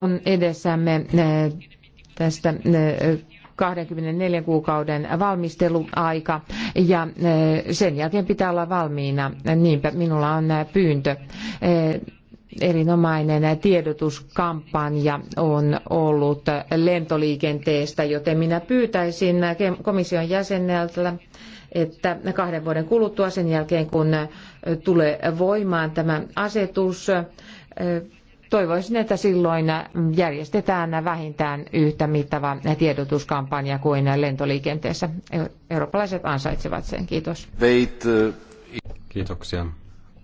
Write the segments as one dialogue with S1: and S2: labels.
S1: on edessämme eh, tästä 24 eh, kuukauden valmisteluaika ja eh, sen jälkeen pitää olla valmiina. Niinpä minulla on pyyntö. Erinomainen tiedotuskampanja on ollut lentoliikenteestä, joten minä pyytäisin komission jäseneltä, että kahden vuoden kuluttua sen jälkeen, kun tulee voimaan tämä asetus, Toivoisin, että silloin järjestetään vähintään yhtä mittava tiedotuskampanja kuin lentoliikenteessä. E- eurooppalaiset ansaitsevat sen. Kiitos.
S2: Uh, Kiitoksia.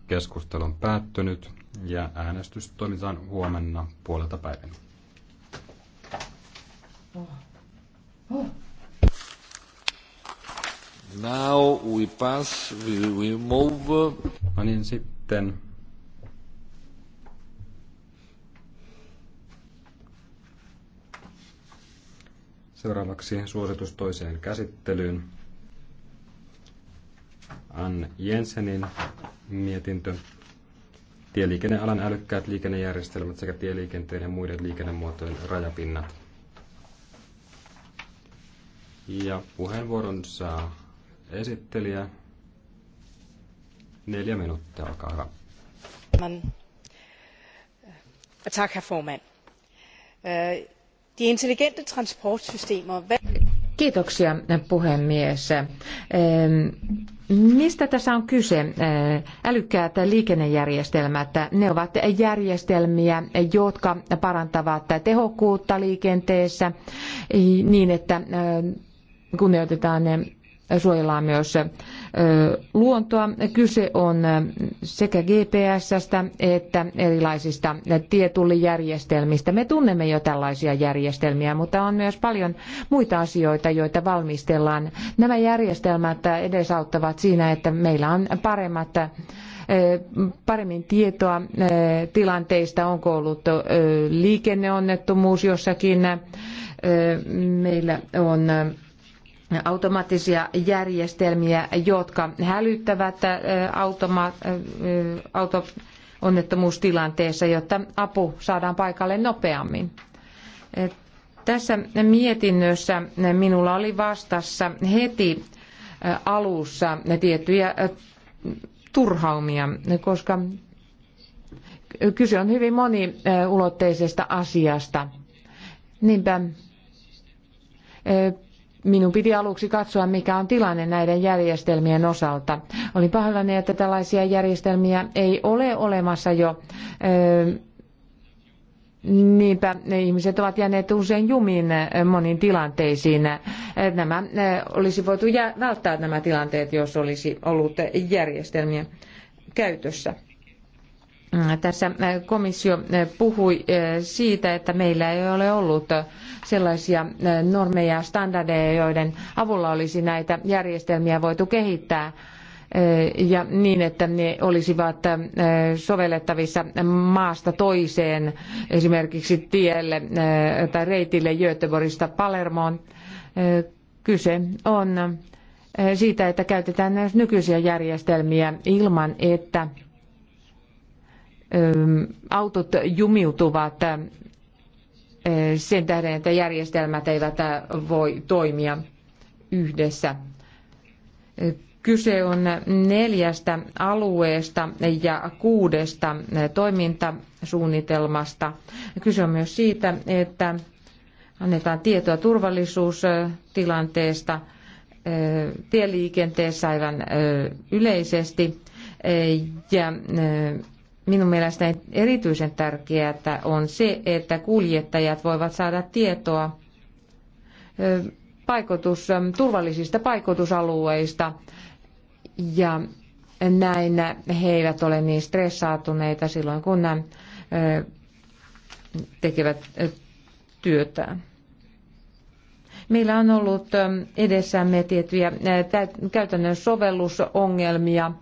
S2: Keskustelu on päättynyt ja äänestys toimitaan huomenna puolelta päivän. Now we pass, we, we move. No niin, sitten Seuraavaksi suositus toiseen käsittelyyn. Ann Jensenin mietintö. Tieliikennealan älykkäät liikennejärjestelmät sekä tieliikenteen ja muiden liikennemuotojen rajapinnat. Ja puheenvuoron saa esittelijä. Neljä minuuttia, olkaa hyvä.
S1: Tack, herr Fomen. Eh, arvoisa puhemies. Mistä tässä on kyse? Älykkäät liikennejärjestelmät, ne ovat järjestelmiä, jotka parantavat tehokkuutta liikenteessä niin, että kunnioitetaan suojellaan myös luontoa. Kyse on sekä GPSstä että erilaisista tietullijärjestelmistä. Me tunnemme jo tällaisia järjestelmiä, mutta on myös paljon muita asioita, joita valmistellaan. Nämä järjestelmät edesauttavat siinä, että meillä on paremmat paremmin tietoa tilanteista, onko ollut liikenneonnettomuus jossakin. Meillä on automaattisia järjestelmiä, jotka hälyttävät äh, automa- äh, auto onnettomuustilanteessa, jotta apu saadaan paikalle nopeammin. Tässä mietinnössä minulla oli vastassa heti äh, alussa tiettyjä turhaumia, koska kyse on hyvin moniulotteisesta asiasta. Niinpä Minun piti aluksi katsoa, mikä on tilanne näiden järjestelmien osalta. Olin pahoillani, että tällaisia järjestelmiä ei ole olemassa jo. Öö, niinpä ne ihmiset ovat jääneet usein jumiin öö, moniin tilanteisiin. Öö, nämä olisi voitu välttää nämä tilanteet, jos olisi ollut järjestelmiä käytössä. Tässä komissio puhui siitä, että meillä ei ole ollut sellaisia normeja ja standardeja, joiden avulla olisi näitä järjestelmiä voitu kehittää ja niin, että ne olisivat sovellettavissa maasta toiseen, esimerkiksi tielle tai reitille Göteborgista Palermoon. Kyse on siitä, että käytetään myös nykyisiä järjestelmiä ilman, että autot jumiutuvat äh, sen tähden, että järjestelmät eivät äh, voi toimia yhdessä. Kyse on neljästä alueesta ja kuudesta äh, toimintasuunnitelmasta. Kyse on myös siitä, että annetaan tietoa turvallisuustilanteesta tieliikenteessä aivan yleisesti ja minun mielestäni erityisen tärkeää on se, että kuljettajat voivat saada tietoa paikotus, turvallisista paikotusalueista ja näin he eivät ole niin stressaatuneita silloin, kun nämä tekevät työtään. Meillä on ollut edessämme tiettyjä käytännön sovellusongelmia –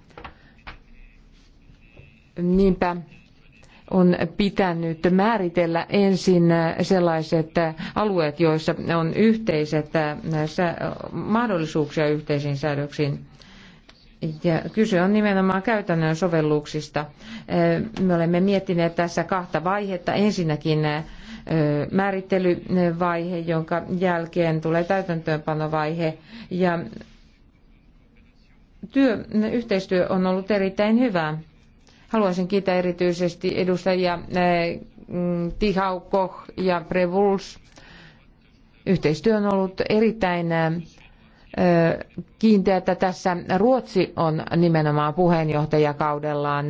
S1: Niinpä on pitänyt määritellä ensin sellaiset alueet, joissa on yhteiset mahdollisuuksia yhteisiin säädöksiin. Ja kyse on nimenomaan käytännön sovelluksista. Me olemme miettineet tässä kahta vaihetta. Ensinnäkin määrittelyvaihe, jonka jälkeen tulee täytäntöönpanovaihe. Ja työ, yhteistyö on ollut erittäin hyvää Haluaisin kiittää erityisesti edustajia eh, mm, Tihau, Koch ja Prevuls. Yhteistyö on ollut erittäin eh, eh, kiinteätä tässä. Ruotsi on nimenomaan puheenjohtajakaudellaan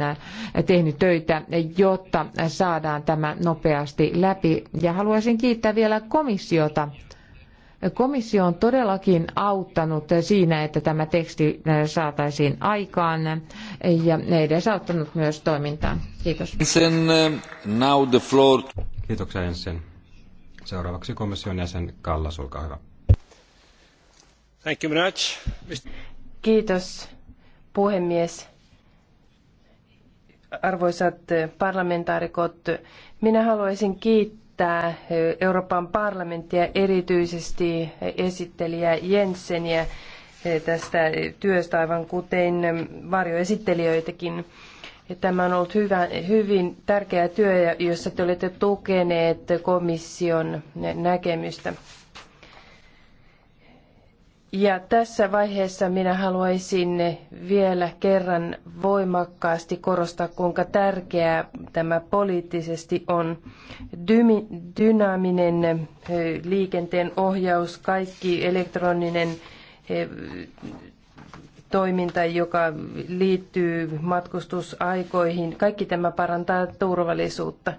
S1: tehnyt töitä, jotta saadaan tämä nopeasti läpi. Ja haluaisin kiittää vielä komissiota Komissio on todellakin auttanut siinä, että tämä teksti eh, saataisiin aikaan ja edesauttanut myös toimintaan. Kiitos.
S2: Jensen, eh, now the floor. Kiitoksia Jensen. Seuraavaksi komission jäsen Kallas, olkaa hyvä. Thank you very much.
S3: Kiitos puhemies. Arvoisat eh, parlamentaarikot, minä haluaisin kiittää kiittää eh, Euroopan parlamenttia, erityisesti esittelijä Jenseniä eh, tästä työstä, aivan kuten varjoesittelijöitäkin. Tämä on ollut hyvä, hyvin tärkeä työ, jossa te olette tukeneet komission näkemystä. Ja tässä vaiheessa minä haluaisin vielä kerran voimakkaasti korostaa, kuinka tärkeää tämä poliittisesti on. Dymi, dynaaminen eh, liikenteen ohjaus, kaikki elektroninen eh, toiminta, joka liittyy matkustusaikoihin, kaikki tämä parantaa turvallisuutta.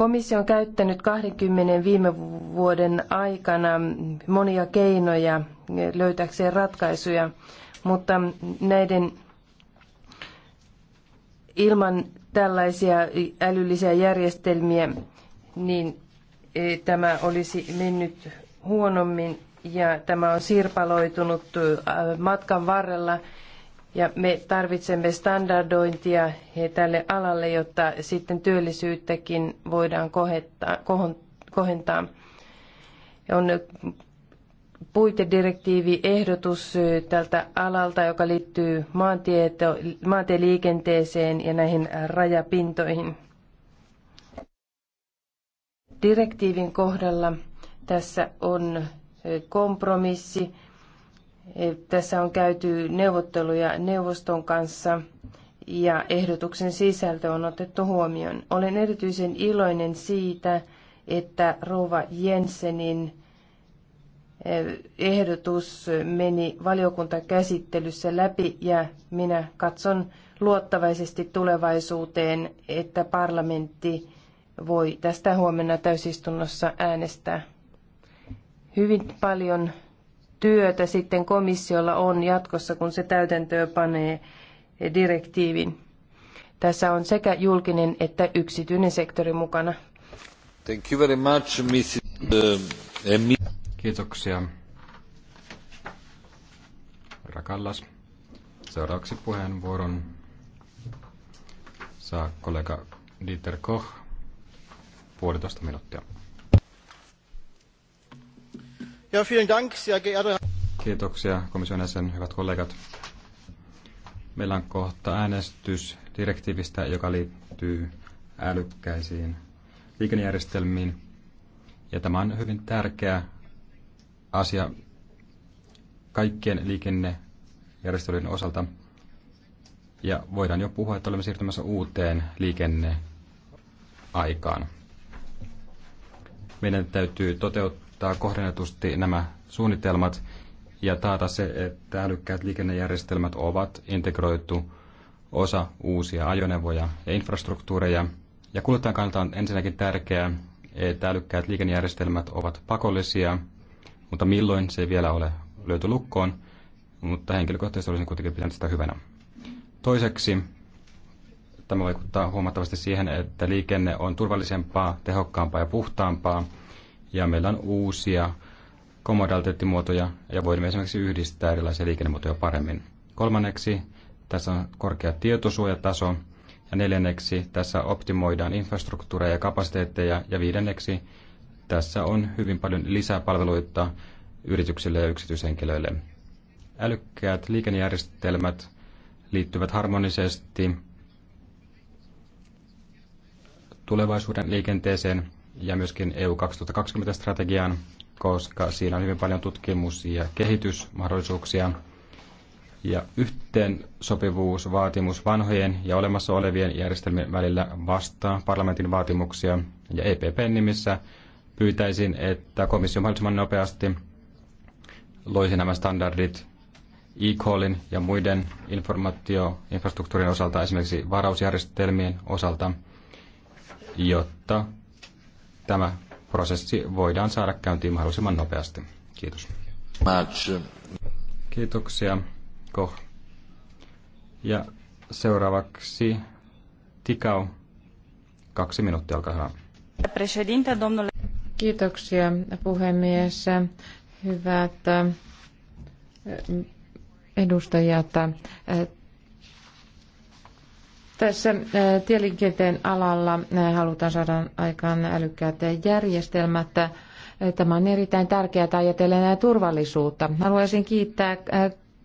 S3: Komissio on käyttänyt 20 viime vuoden aikana monia keinoja löytääkseen ratkaisuja, mutta näiden ilman tällaisia älyllisiä järjestelmiä, niin e, tämä olisi mennyt huonommin ja tämä on sirpaloitunut matkan varrella ja me tarvitsemme standardointia tälle alalle, jotta sitten työllisyyttäkin voidaan kohentaa. On puitedirektiiviehdotus tältä alalta, joka liittyy maantieliikenteeseen ja näihin rajapintoihin. Direktiivin kohdalla tässä on kompromissi tässä on käyty neuvotteluja neuvoston kanssa ja ehdotuksen sisältö on otettu huomioon. Olen erityisen iloinen siitä, että Rova Jensenin eh, ehdotus meni valiokuntakäsittelyssä läpi ja minä katson luottavaisesti tulevaisuuteen, että parlamentti voi tästä huomenna täysistunnossa äänestää. Hyvin paljon työtä sitten komissiolla on jatkossa, kun se täytäntöön panee direktiivin. Tässä on sekä julkinen että yksityinen sektori mukana.
S2: Thank you very much, Mrs. Uh, Kiitoksia. Rakallas. Seuraavaksi puheenvuoron saa kollega Dieter Koch puolitoista minuuttia.
S1: Ja, vielen Dank, sehr geehrter...
S2: Kiitoksia komission jäsen, hyvät kollegat. Meillä on kohta äänestys direktiivistä, joka liittyy älykkäisiin liikennejärjestelmiin. Ja tämä on hyvin tärkeä asia kaikkien liikennejärjestelyiden osalta. Ja voidaan jo puhua, että olemme siirtymässä uuteen liikenneaikaan. Meidän täytyy toteuttaa toteuttaa kohdennetusti nämä suunnitelmat ja taata se, että älykkäät liikennejärjestelmät ovat integroitu osa uusia ajoneuvoja ja infrastruktuureja. Ja kuluttajan kannalta on ensinnäkin tärkeää, että älykkäät liikennejärjestelmät ovat pakollisia, mutta milloin se ei vielä ole löyty lukkoon, mutta henkilökohtaisesti olisin kuitenkin pitänyt sitä hyvänä. Toiseksi tämä vaikuttaa huomattavasti siihen, että liikenne on turvallisempaa, tehokkaampaa ja puhtaampaa, ja meillä on uusia komodaliteettimuotoja ja voimme esimerkiksi yhdistää erilaisia liikennemuotoja paremmin. Kolmanneksi tässä on korkea tietosuojataso ja neljänneksi tässä optimoidaan infrastruktuureja ja kapasiteetteja ja viidenneksi tässä on hyvin paljon lisää palveluita yrityksille ja yksityishenkilöille. Älykkäät liikennejärjestelmät liittyvät harmonisesti tulevaisuuden liikenteeseen ja myöskin EU 2020-strategiaan, koska siinä on hyvin paljon tutkimus- ja kehitysmahdollisuuksia. Ja yhteensopivuusvaatimus vanhojen ja olemassa olevien järjestelmien välillä vastaa parlamentin vaatimuksia. Ja EPP nimissä pyytäisin, että komissio mahdollisimman nopeasti loisi nämä standardit e-callin ja muiden informaatioinfrastruktuurin osalta, esimerkiksi varausjärjestelmien osalta, jotta tämä prosessi voidaan saada käyntiin mahdollisimman nopeasti. Kiitos. Match. Kiitoksia. Koh. Ja seuraavaksi Tikau. Kaksi minuuttia, olkaa hyvä.
S1: Kiitoksia puhemies. Hyvät eh, edustajat, eh, tässä äh, tieliikenteen alalla äh, halutaan saada aikaan älykkäät järjestelmät. Äh, tämä on erittäin tärkeää ajatellen turvallisuutta. Haluaisin kiittää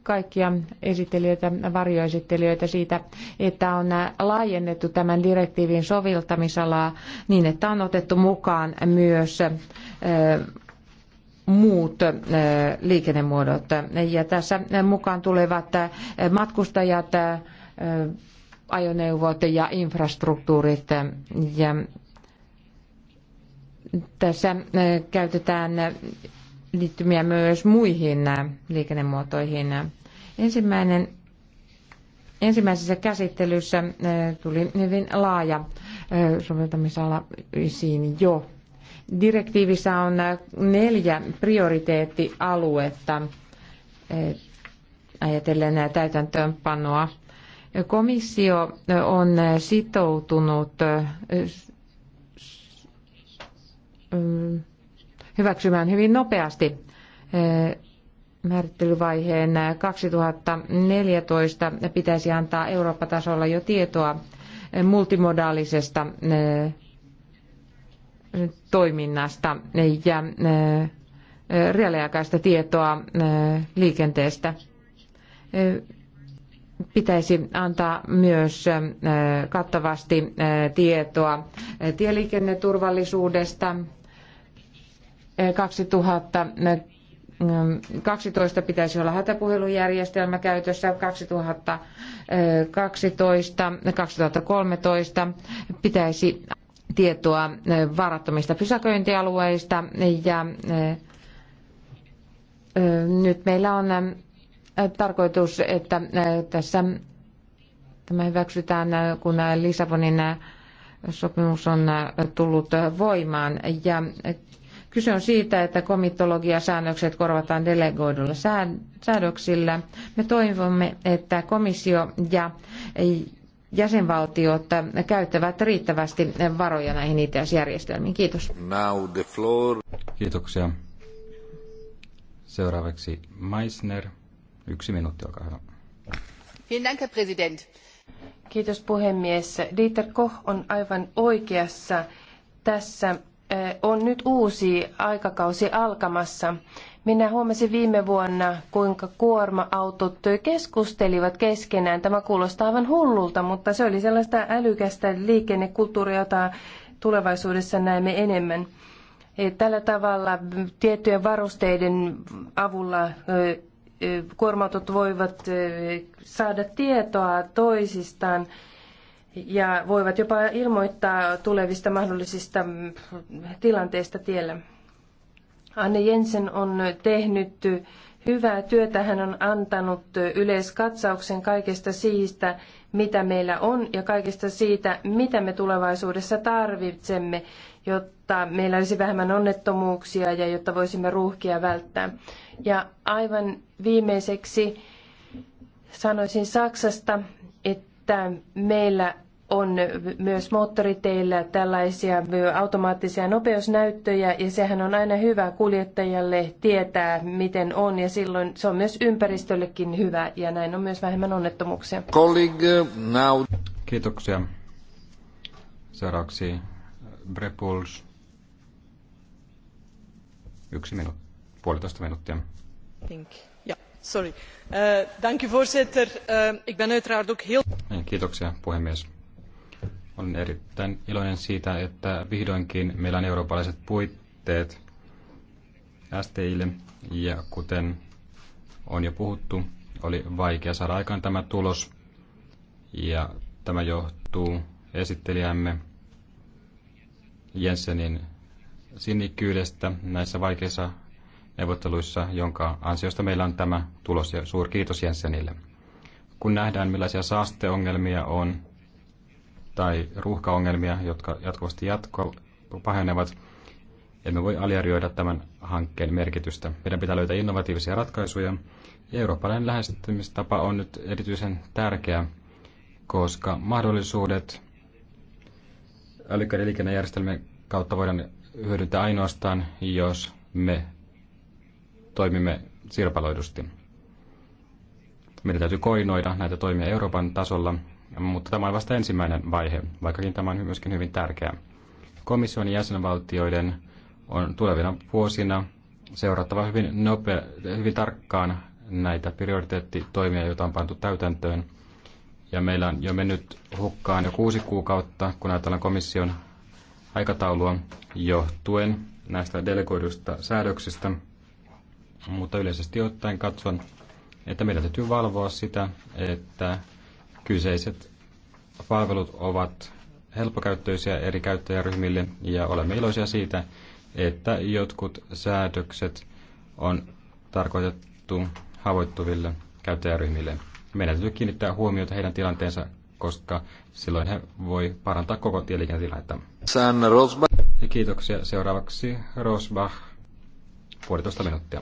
S1: kaikkia esittelijöitä, varjoesittelijöitä siitä, että on laajennettu tämän direktiivin soviltamisalaa niin, että on otettu mukaan myös muut liikennemuodot. Ja tässä mukaan tulevat matkustajat, ajoneuvot ja infrastruktuurit. Ja tässä käytetään liittymiä myös muihin liikennemuotoihin. Ensimmäinen, ensimmäisessä käsittelyssä tuli hyvin laaja soveltamisala esiin jo. Direktiivissä on neljä prioriteettialuetta ajatellen täytäntöönpanoa Komissio on sitoutunut hyväksymään hyvin nopeasti määrittelyvaiheen 2014 pitäisi antaa Eurooppa-tasolla jo tietoa multimodaalisesta toiminnasta ja reaaliaikaista tietoa liikenteestä pitäisi antaa myös kattavasti tietoa tieliikenneturvallisuudesta. 2012 pitäisi olla hätäpuhelujärjestelmä käytössä, 2012, 2013 pitäisi tietoa varattomista pysäköintialueista ja nyt meillä on tarkoitus, että tässä tämä hyväksytään, kun Lisabonin sopimus on tullut voimaan. Ja kyse on siitä, että komitologiasäännökset korvataan delegoidulla säädöksillä. Me toivomme, että komissio ja jäsenvaltiot käyttävät riittävästi varoja näihin ITS-järjestelmiin. Kiitos.
S2: Now the floor. Kiitoksia. Seuraavaksi Meissner. Yksi minuutti, olkaa hyvä.
S3: Kiitos puhemies. Dieter Koch on aivan oikeassa. Tässä eh, on nyt uusi aikakausi alkamassa. Minä huomasin viime vuonna, kuinka kuorma-autot keskustelivat keskenään. Tämä kuulostaa aivan hullulta, mutta se oli sellaista älykästä liikennekulttuuria, jota tulevaisuudessa näemme enemmän. Eh, tällä tavalla tiettyjen varusteiden avulla eh, kuormatut voivat saada tietoa toisistaan ja voivat jopa ilmoittaa tulevista mahdollisista tilanteista tiellä. Anne Jensen on tehnyt hyvää työtä. Hän on antanut yleiskatsauksen kaikesta siitä, mitä meillä on ja kaikesta siitä, mitä me tulevaisuudessa tarvitsemme, jotta meillä olisi vähemmän onnettomuuksia ja jotta voisimme ruuhkia välttää. Ja aivan viimeiseksi sanoisin Saksasta, että meillä on myös moottoriteillä tällaisia automaattisia nopeusnäyttöjä ja sehän on aina hyvä kuljettajalle tietää, miten on ja silloin se on myös ympäristöllekin hyvä ja näin on myös vähemmän onnettomuuksia.
S2: Colleague, now. Kiitoksia. Seuraavaksi Brepuls. Yksi minuutti, puolitoista minuuttia.
S3: Think. sorry. Uh, dank u voorzitter. Uh, ik ben uiteraard
S2: ook heel... Niin, kiitoksia puhemies olen erittäin iloinen siitä, että vihdoinkin meillä on eurooppalaiset puitteet STIlle, ja kuten on jo puhuttu, oli vaikea saada aikaan tämä tulos, ja tämä johtuu esittelijämme Jensenin sinnikkyydestä näissä vaikeissa neuvotteluissa, jonka ansiosta meillä on tämä tulos ja suuri kiitos Jensenille. Kun nähdään, millaisia saasteongelmia on tai ruuhkaongelmia, jotka jatkuvasti jatko, pahenevat, emme voi aliarvioida tämän hankkeen merkitystä. Meidän pitää löytää innovatiivisia ratkaisuja. Ja eurooppalainen lähestymistapa on nyt erityisen tärkeä, koska mahdollisuudet älykkäiden liikennejärjestelmien kautta voidaan hyödyntää ainoastaan, jos me toimimme sirpaloidusti. Meidän täytyy koinoida näitä toimia Euroopan tasolla mutta tämä on vasta ensimmäinen vaihe, vaikkakin tämä on myöskin hyvin tärkeä. Komission jäsenvaltioiden on tulevina vuosina seurattava hyvin, nopea, hyvin tarkkaan näitä prioriteettitoimia, joita on pantu täytäntöön. Ja meillä on jo mennyt hukkaan jo kuusi kuukautta, kun ajatellaan komission aikataulua johtuen näistä delegoidusta säädöksistä. Mutta yleisesti ottaen katson, että meidän täytyy valvoa sitä, että Kyseiset palvelut ovat helppokäyttöisiä eri käyttäjäryhmille ja olemme iloisia siitä, että jotkut säädökset on tarkoitettu havoittuville käyttäjäryhmille. Meidän täytyy kiinnittää huomiota heidän tilanteensa, koska silloin he voi parantaa koko tieliikennetilannetta. Kiitoksia. Seuraavaksi Rosbach, puolitoista minuuttia.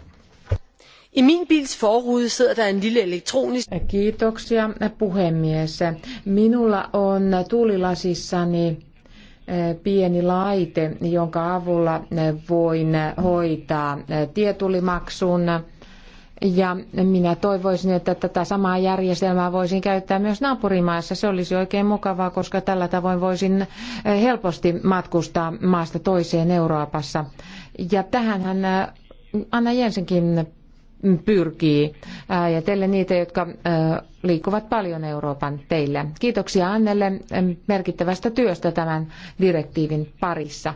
S1: I min bils forrude sidder der en lille elektronisk... Kiitoksia puhemies. Minulla on tuulilasissani eh, pieni laite, jonka avulla eh, voin hoitaa eh, tietulimaksun. Ja minä toivoisin, että tätä samaa järjestelmää voisin käyttää myös naapurimaassa. Se olisi oikein mukavaa, koska tällä tavoin voisin helposti matkustaa maasta toiseen Euroopassa. Ja tähänhän Anna Jensenkin pyrkii ajatellen niitä, jotka liikkuvat paljon Euroopan teillä. Kiitoksia Annelle merkittävästä työstä tämän direktiivin parissa.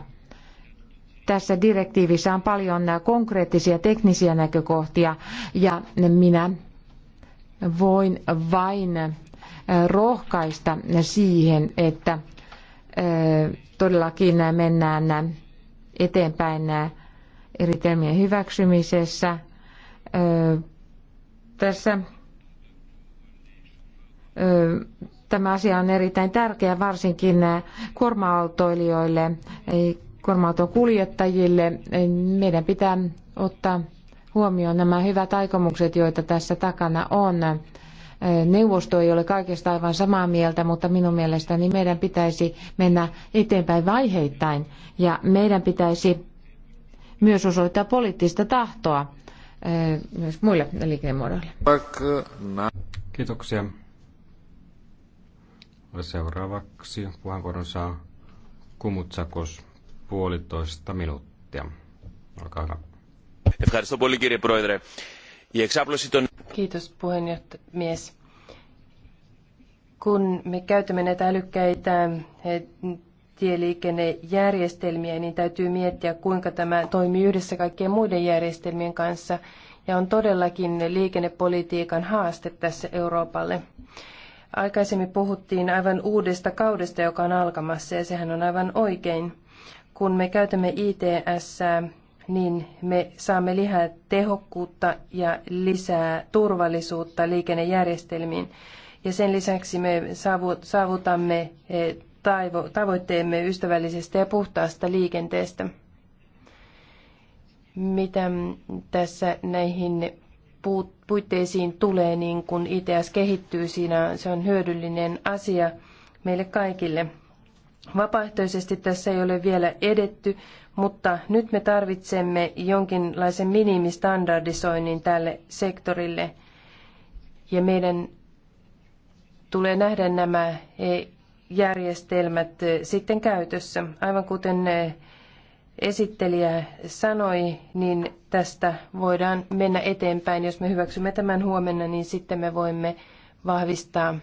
S1: Tässä direktiivissä on paljon konkreettisia teknisiä näkökohtia ja minä voin vain rohkaista siihen, että todellakin mennään eteenpäin eri termien hyväksymisessä tässä tämä asia on erittäin tärkeä varsinkin kuorma-autoilijoille, kuorma-auton kuljettajille. Meidän pitää ottaa huomioon nämä hyvät aikomukset, joita tässä takana on. Neuvosto ei ole kaikesta aivan samaa mieltä, mutta minun mielestäni meidän pitäisi mennä eteenpäin vaiheittain ja meidän pitäisi myös osoittaa poliittista tahtoa myös muille liikennemuodoille.
S2: Kiitoksia. Seuraavaksi puheenvuoron saa Kumutsakos puolitoista minuuttia. Olkaa hyvä.
S3: Kiitos puhemies. Kun me käytämme näitä älykkäitä tieliikennejärjestelmiä, niin täytyy miettiä, kuinka tämä toimii yhdessä kaikkien muiden järjestelmien kanssa. Ja on todellakin liikennepolitiikan haaste tässä Euroopalle. Aikaisemmin puhuttiin aivan uudesta kaudesta, joka on alkamassa, ja sehän on aivan oikein. Kun me käytämme ITS, niin me saamme lisää tehokkuutta ja lisää turvallisuutta liikennejärjestelmiin. Ja sen lisäksi me saavutamme eh, tavoitteemme ystävällisestä ja puhtaasta liikenteestä. Mitä tässä näihin puitteisiin tulee, niin kun ITS kehittyy siinä, se on hyödyllinen asia meille kaikille. Vapaaehtoisesti tässä ei ole vielä edetty, mutta nyt me tarvitsemme jonkinlaisen minimistandardisoinnin tälle sektorille. Ja meidän tulee nähdä nämä järjestelmät eh, sitten käytössä. Aivan kuten eh, esittelijä sanoi, niin tästä voidaan mennä eteenpäin. Jos me hyväksymme tämän huomenna, niin sitten me voimme vahvistaa,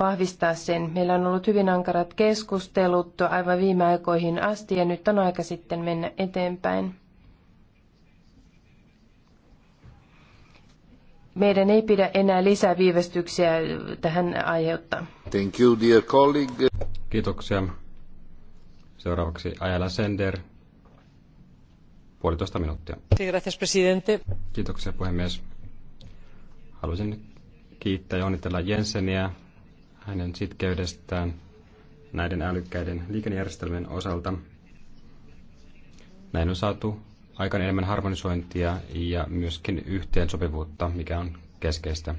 S3: vahvistaa sen. Meillä on ollut hyvin ankarat keskustelut aivan viime aikoihin asti ja nyt on aika sitten mennä eteenpäin. meidän ei pidä enää lisää viivästyksiä tähän aiheuttaa.
S2: Thank you, dear colleague. Kiitoksia. Seuraavaksi Ajala Sender, puolitoista minuuttia.
S1: Gracias, presidente.
S2: Kiitoksia, puhemies. Haluaisin kiittää ja onnitella Jenseniä hänen sitkeydestään näiden älykkäiden liikennejärjestelmien osalta. Näin on saatu aikaan enemmän harmonisointia ja myöskin yhteensopivuutta, mikä on keskeistä.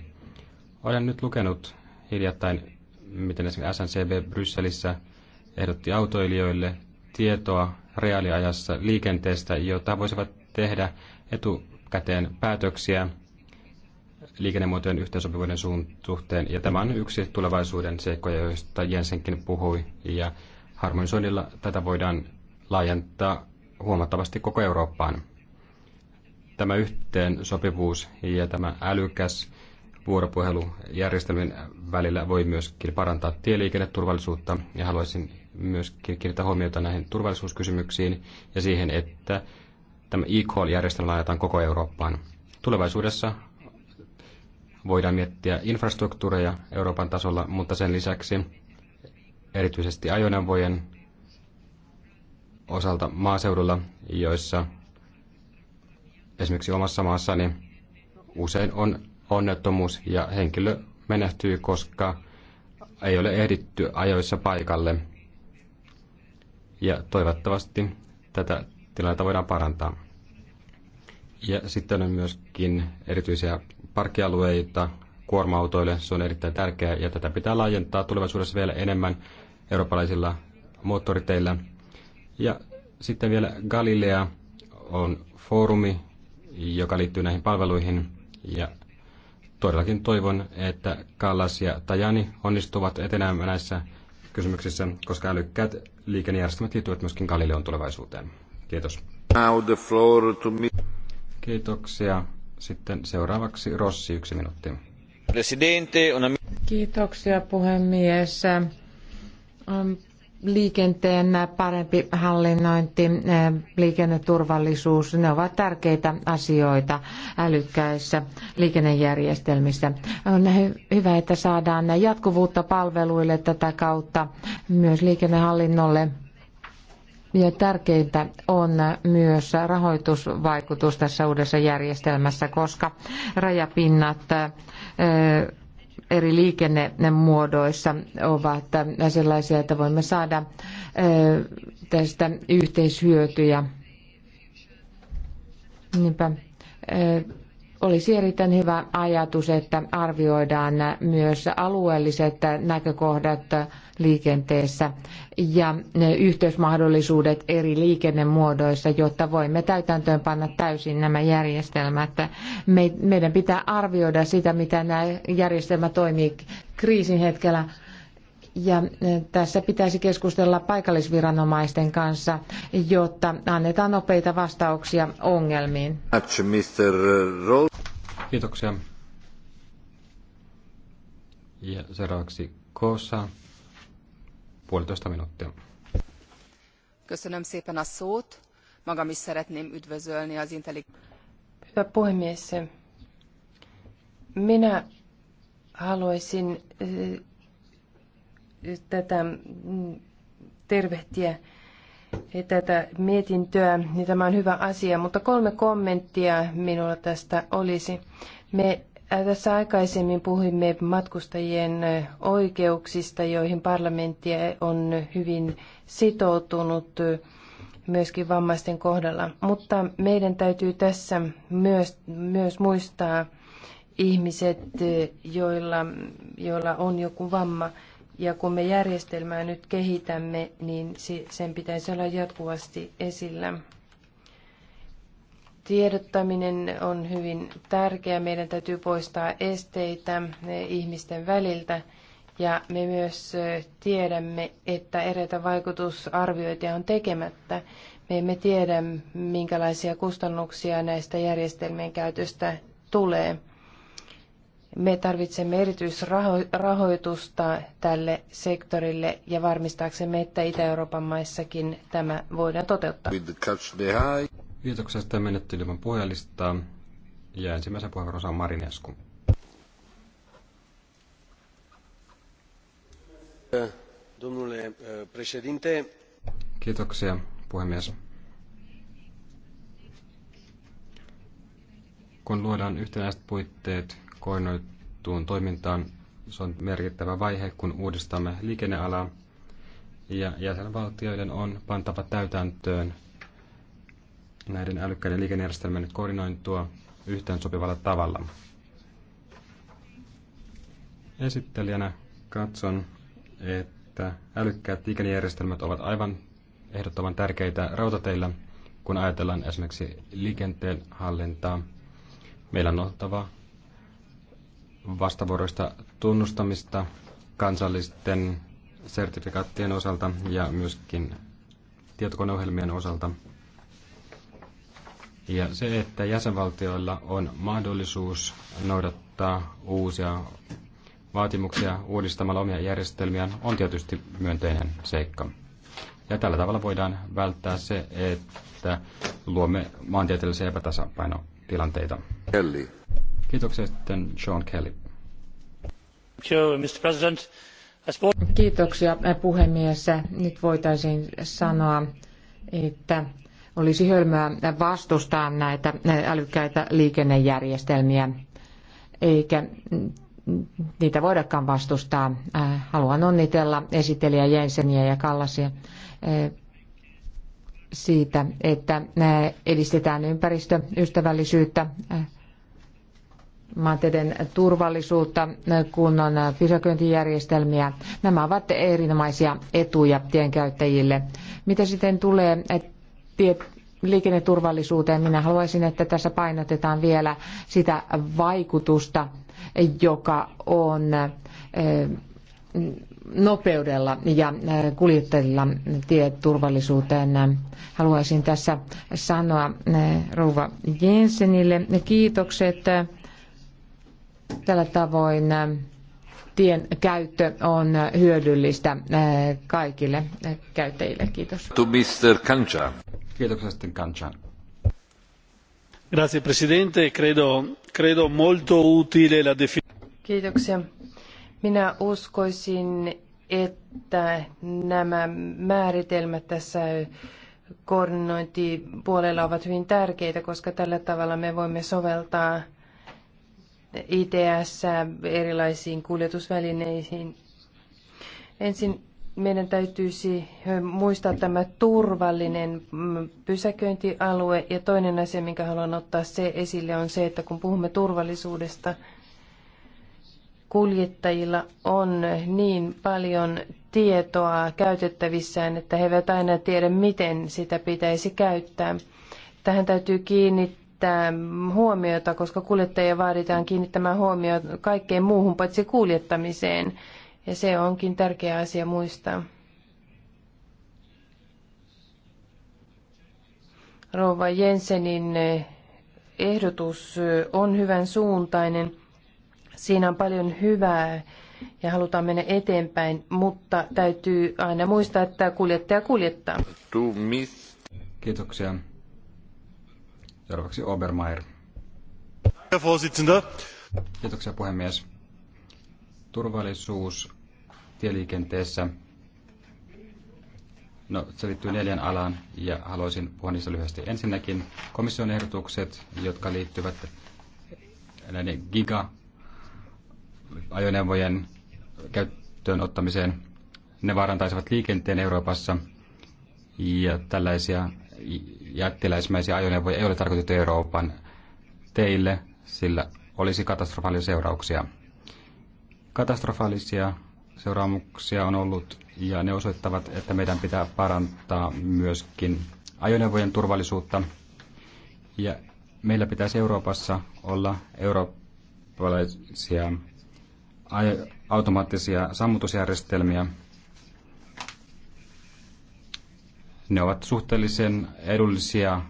S2: Olen nyt lukenut hiljattain, miten esimerkiksi SNCB Brysselissä ehdotti autoilijoille tietoa reaaliajassa liikenteestä, jota voisivat tehdä etukäteen päätöksiä liikennemuotojen yhteensopivuuden suhteen. Ja tämä on yksi tulevaisuuden seikkoja, joista Jensenkin puhui. Ja harmonisoinnilla tätä voidaan laajentaa huomattavasti koko Eurooppaan. Tämä yhteen sopivuus ja tämä älykäs vuoropuhelu järjestelmien välillä voi myöskin parantaa tieliikenneturvallisuutta ja haluaisin myöskin kiinnittää huomiota näihin turvallisuuskysymyksiin ja siihen, että tämä e-call-järjestelmä laitetaan koko Eurooppaan. Tulevaisuudessa voidaan miettiä infrastruktuureja Euroopan tasolla, mutta sen lisäksi erityisesti ajoneuvojen osalta maaseudulla, joissa esimerkiksi omassa maassani usein on onnettomuus ja henkilö menehtyy, koska ei ole ehditty ajoissa paikalle. Ja toivottavasti tätä tilannetta voidaan parantaa. Ja sitten on myöskin erityisiä parkkialueita kuorma-autoille. Se on erittäin tärkeää ja tätä pitää laajentaa tulevaisuudessa vielä enemmän eurooppalaisilla moottoriteillä – ja sitten vielä Galilea on foorumi, joka liittyy näihin palveluihin. Ja todellakin toivon, että Kallas ja Tajani onnistuvat etenemään näissä kysymyksissä, koska älykkäät liikennejärjestelmät liittyvät myöskin Galileon tulevaisuuteen. Kiitos. Now the floor to me. Kiitoksia. Sitten seuraavaksi Rossi, yksi minuutti. Presidente, Kiitoksia
S1: puhemies. On liikenteen parempi hallinnointi, eh, liikenneturvallisuus, ne ovat tärkeitä asioita älykkäissä liikennejärjestelmissä. On hyvä, että saadaan jatkuvuutta palveluille tätä kautta myös liikennehallinnolle. Ja tärkeintä on myös rahoitusvaikutus tässä uudessa järjestelmässä, koska rajapinnat eh, eri liikennemuodoissa ovat sellaisia, että voimme saada tästä yhteishyötyjä. Niinpä olisi erittäin hyvä ajatus, että arvioidaan myös alueelliset näkökohdat liikenteessä ja yhteysmahdollisuudet eri liikennemuodoissa, jotta voimme täytäntöön panna täysin nämä järjestelmät. meidän pitää arvioida sitä, mitä nämä järjestelmä toimii kriisin hetkellä ja eh, tässä pitäisi keskustella paikallisviranomaisten kanssa, jotta annetaan nopeita vastauksia ongelmiin.
S2: Eh, Kiitoksia. Ja seuraavaksi Kosa, puolitoista minuuttia.
S3: Köszönöm szépen a szót. Magam is szeretném üdvözölni az intelligens... Hyvä puhemies, minä haluaisin eh, tätä mm, tervehtiä eh, tätä mietintöä, niin tämä on hyvä asia, mutta kolme kommenttia minulla tästä olisi. Me äh, tässä aikaisemmin puhuimme matkustajien äh, oikeuksista, joihin parlamentti on hyvin sitoutunut äh, myöskin vammaisten kohdalla. Mutta meidän täytyy tässä myös, myös muistaa ihmiset, joilla, joilla on joku vamma. Ja kun me järjestelmää nyt kehitämme, niin sen pitäisi olla jatkuvasti esillä. Tiedottaminen on hyvin tärkeää. Meidän täytyy poistaa esteitä eh, ihmisten väliltä. Ja me myös eh, tiedämme, että eräitä vaikutusarvioita on tekemättä. Me emme tiedä, minkälaisia kustannuksia näistä järjestelmien käytöstä tulee. Me tarvitsemme erityisrahoitusta tälle sektorille ja varmistaaksemme, että Itä-Euroopan maissakin tämä voidaan toteuttaa.
S2: Kiitoksia sitä menettelymän puhujalistaa. Ja ensimmäisen puheenvuoron saa Marin eh, Kiitoksia, puhemies. Kun luodaan yhtenäiset puitteet koordinoituun toimintaan. Se on merkittävä vaihe, kun uudistamme liikennealaa ja jäsenvaltioiden on pantava täytäntöön näiden älykkäiden liikennejärjestelmien koordinointua yhteen sopivalla tavalla. Esittelijänä katson, että älykkäät liikennejärjestelmät ovat aivan ehdottoman tärkeitä rautateillä, kun ajatellaan esimerkiksi liikenteen hallintaa. Meillä on oltava vastavuoroista tunnustamista kansallisten sertifikaattien osalta ja myöskin tietokoneohjelmien osalta. Ja se, että jäsenvaltioilla on mahdollisuus noudattaa uusia vaatimuksia uudistamalla omia järjestelmiään, on tietysti myönteinen seikka. Ja tällä tavalla voidaan välttää se, että luomme maantieteellisiä epätasapainotilanteita. Kelly. Kiitoksia sitten Sean Kelly.
S1: Kiitoksia eh, puhemies. Nyt voitaisiin sanoa, että olisi hölmöä vastustaa näitä eh, älykkäitä liikennejärjestelmiä, eikä niitä voidakaan vastustaa. Eh, haluan onnitella esittelijä Jenseniä ja Kallasia siitä, että edistetään ympäristöystävällisyyttä maanteiden turvallisuutta, kunnon pysäköintijärjestelmiä. Nämä ovat erinomaisia etuja tienkäyttäjille. Mitä sitten tulee tie, liikenneturvallisuuteen, minä haluaisin, että tässä painotetaan vielä sitä vaikutusta, joka on eh, nopeudella ja eh, kuljettajilla tieturvallisuuteen. Haluaisin tässä sanoa eh, rouva Jensenille kiitokset Tällä tavoin äh, tien käyttö on hyödyllistä äh, kaikille käyttäjille. Kiitos.
S2: To Mr. Kancha. Kiitoksia sitten Kancha. Grazie Presidente, credo,
S1: credo molto utile la definizione.
S3: Kiitoksia. Minä uskoisin, että nämä määritelmät tässä koordinointipuolella ovat hyvin tärkeitä, koska tällä tavalla me voimme soveltaa ITS erilaisiin kuljetusvälineisiin. Ensin meidän täytyisi muistaa tämä turvallinen mm, pysäköintialue. Ja toinen asia, minkä haluan ottaa se esille, on se, että kun puhumme turvallisuudesta, kuljettajilla on niin paljon tietoa käytettävissään, että he eivät aina tiedä, miten sitä pitäisi käyttää. Tähän täytyy kiinnittää kiinnittää huomiota, koska kuljettajia vaaditaan kiinnittämään huomiota kaikkeen muuhun paitsi kuljettamiseen. Ja se onkin tärkeä asia muistaa. Rouva Jensenin ehdotus on hyvän suuntainen. Siinä on paljon hyvää ja halutaan mennä eteenpäin, mutta täytyy aina muistaa, että kuljettaja kuljettaa.
S2: Kiitoksia. Seuraavaksi Obermeier. Kiitoksia puhemies. Turvallisuus tieliikenteessä. No, se liittyy neljän alaan ja haluaisin puhua niistä lyhyesti. Ensinnäkin komission ehdotukset, jotka liittyvät näiden giga-ajoneuvojen käyttöön ottamiseen. Ne vaarantaisivat liikenteen Euroopassa ja tällaisia jättiläismäisiä ajoneuvoja ei ole tarkoitettu Euroopan teille, sillä olisi katastrofaalisia seurauksia. Katastrofaalisia seuraamuksia on ollut ja ne osoittavat, että meidän pitää parantaa myöskin ajoneuvojen turvallisuutta. Ja meillä pitäisi Euroopassa olla eurooppalaisia automaattisia sammutusjärjestelmiä, Ne ovat suhteellisen edullisia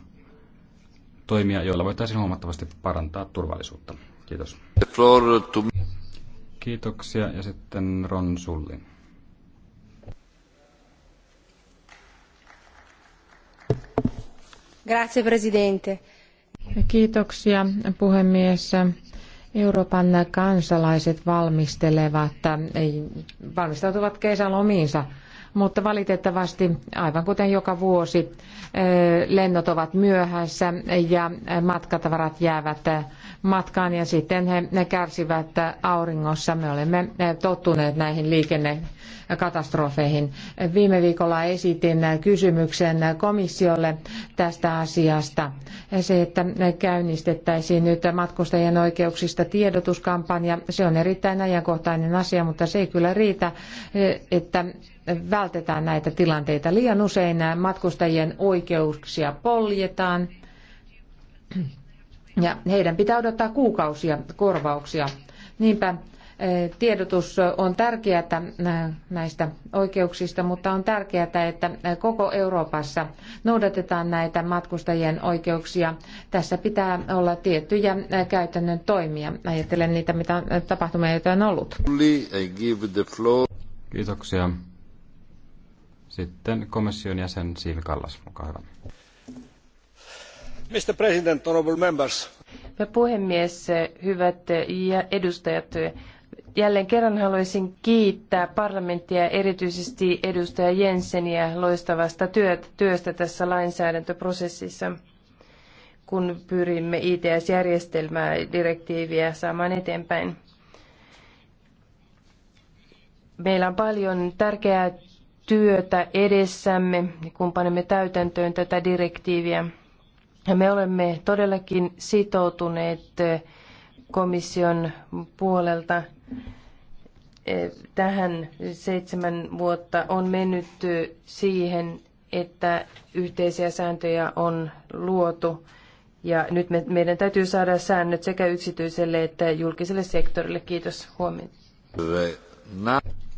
S2: toimia, joilla voitaisiin huomattavasti parantaa turvallisuutta. Kiitos. Kiitoksia ja sitten Ron Sullin.
S3: Grazie, presidente.
S1: Kiitoksia puhemies. Euroopan kansalaiset valmistelevat, valmistautuvat kesälomiinsa mutta valitettavasti aivan kuten joka vuosi lennot ovat myöhässä ja matkatavarat jäävät matkaan ja sitten he, kärsivät auringossa. Me olemme eh, tottuneet näihin liikennekatastrofeihin. Viime viikolla esitin kysymyksen komissiolle tästä asiasta. Se, että käynnistettäisiin nyt matkustajien oikeuksista tiedotuskampanja, se on erittäin ajankohtainen asia, mutta se ei kyllä riitä, eh, että vältetään näitä tilanteita. Liian usein matkustajien oikeuksia poljetaan ja heidän pitää odottaa kuukausia korvauksia. Niinpä eh, tiedotus on tärkeää eh, näistä oikeuksista, mutta on tärkeää, että eh, koko Euroopassa noudatetaan näitä matkustajien oikeuksia. Tässä pitää olla tiettyjä käytännön toimia. Ajattelen niitä, mitä tapahtumia, joita on ollut.
S2: Kiitoksia. Sitten komission jäsen Siivi Kallas, olkaa hyvä. Mr. President, honorable members.
S3: Hyvä puhemies, hyvät edustajat. Jälleen kerran haluaisin kiittää parlamenttia ja erityisesti edustaja Jenseniä loistavasta työstä tässä lainsäädäntöprosessissa, kun pyrimme ITS-järjestelmää direktiiviä saamaan eteenpäin. Meillä on paljon tärkeää työtä edessämme, kun panemme täytäntöön tätä direktiiviä. Me olemme todellakin sitoutuneet eh, komission puolelta eh, tähän seitsemän vuotta on mennyt eh, siihen, että yhteisiä sääntöjä on luotu. Ja nyt me, meidän täytyy saada säännöt sekä yksityiselle että julkiselle sektorille. Kiitos huomioon.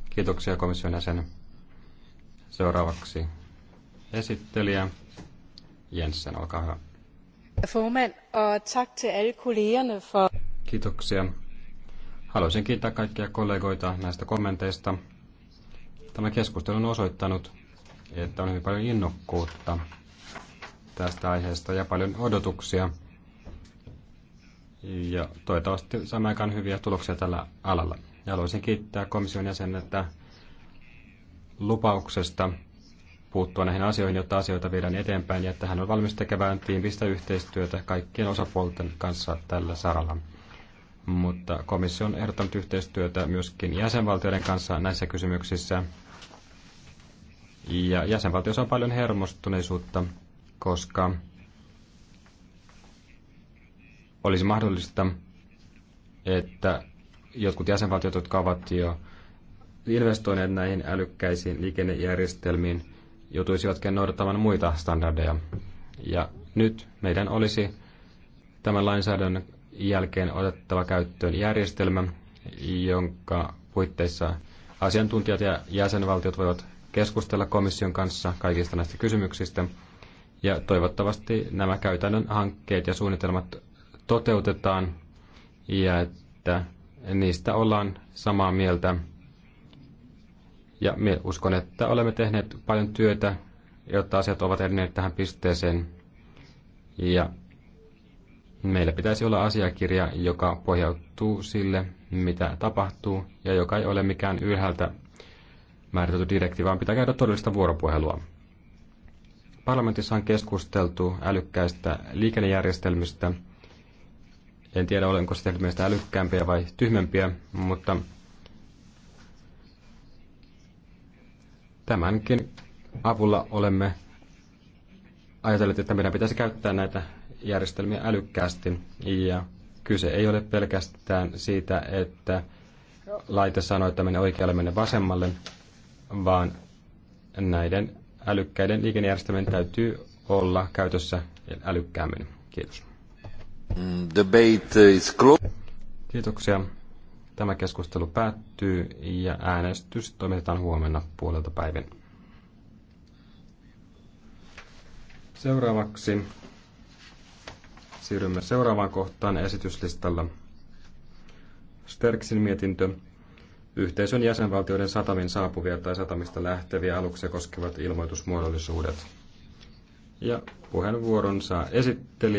S2: Kiitoksia komission jäsen. Seuraavaksi esittelijä Jensen, olkaa hyvä. Kiitoksia. Haluaisin kiittää kaikkia kollegoita näistä kommenteista. Tämä keskustelu on osoittanut, että on hyvin paljon innokkuutta tästä aiheesta ja paljon odotuksia. Ja toivottavasti saamme aikaan hyviä tuloksia tällä alalla. Ja haluaisin kiittää komission jäsenettä lupauksesta puuttua näihin asioihin, jotta asioita viedään eteenpäin ja että hän on valmis tekemään tiivistä yhteistyötä kaikkien osapuolten kanssa tällä saralla. Mutta komissio on ehdottanut yhteistyötä myöskin jäsenvaltioiden kanssa näissä kysymyksissä. Ja jäsenvaltioissa on paljon hermostuneisuutta, koska olisi mahdollista, että jotkut jäsenvaltiot, jotka ovat jo investoineet näihin älykkäisiin liikennejärjestelmiin, joutuisivatkin noudattamaan muita standardeja. Ja nyt meidän olisi tämän lainsäädännön jälkeen otettava käyttöön järjestelmä, jonka puitteissa asiantuntijat ja jäsenvaltiot voivat keskustella komission kanssa kaikista näistä kysymyksistä. Ja toivottavasti nämä käytännön hankkeet ja suunnitelmat toteutetaan ja että niistä ollaan samaa mieltä ja minä uskon, että olemme tehneet paljon työtä, jotta asiat ovat edenneet tähän pisteeseen. Ja meillä pitäisi olla asiakirja, joka pohjautuu sille, mitä tapahtuu, ja joka ei ole mikään ylhäältä määritelty direktiivi, vaan pitää käydä todellista vuoropuhelua. Parlamentissa on keskusteltu älykkäistä liikennejärjestelmistä. En tiedä, olenko sitä meistä älykkäämpiä vai tyhmempiä, mutta tämänkin avulla olemme ajatelleet, että meidän pitäisi käyttää näitä järjestelmiä älykkäästi. Ja kyse ei ole pelkästään siitä, että laite sanoo, että mene oikealle, mene vasemmalle, vaan näiden älykkäiden liikennejärjestelmien täytyy olla käytössä älykkäämmin. Kiitos. Mm, debate is closed. Kiitoksia. Tämä keskustelu päättyy ja äänestys toimitetaan huomenna puolelta päivin. Seuraavaksi siirrymme seuraavaan kohtaan esityslistalla. Sterksin mietintö. Yhteisön jäsenvaltioiden satamin saapuvia tai satamista lähteviä aluksia koskevat ilmoitusmuodollisuudet. Ja puheenvuoron saa esitteli.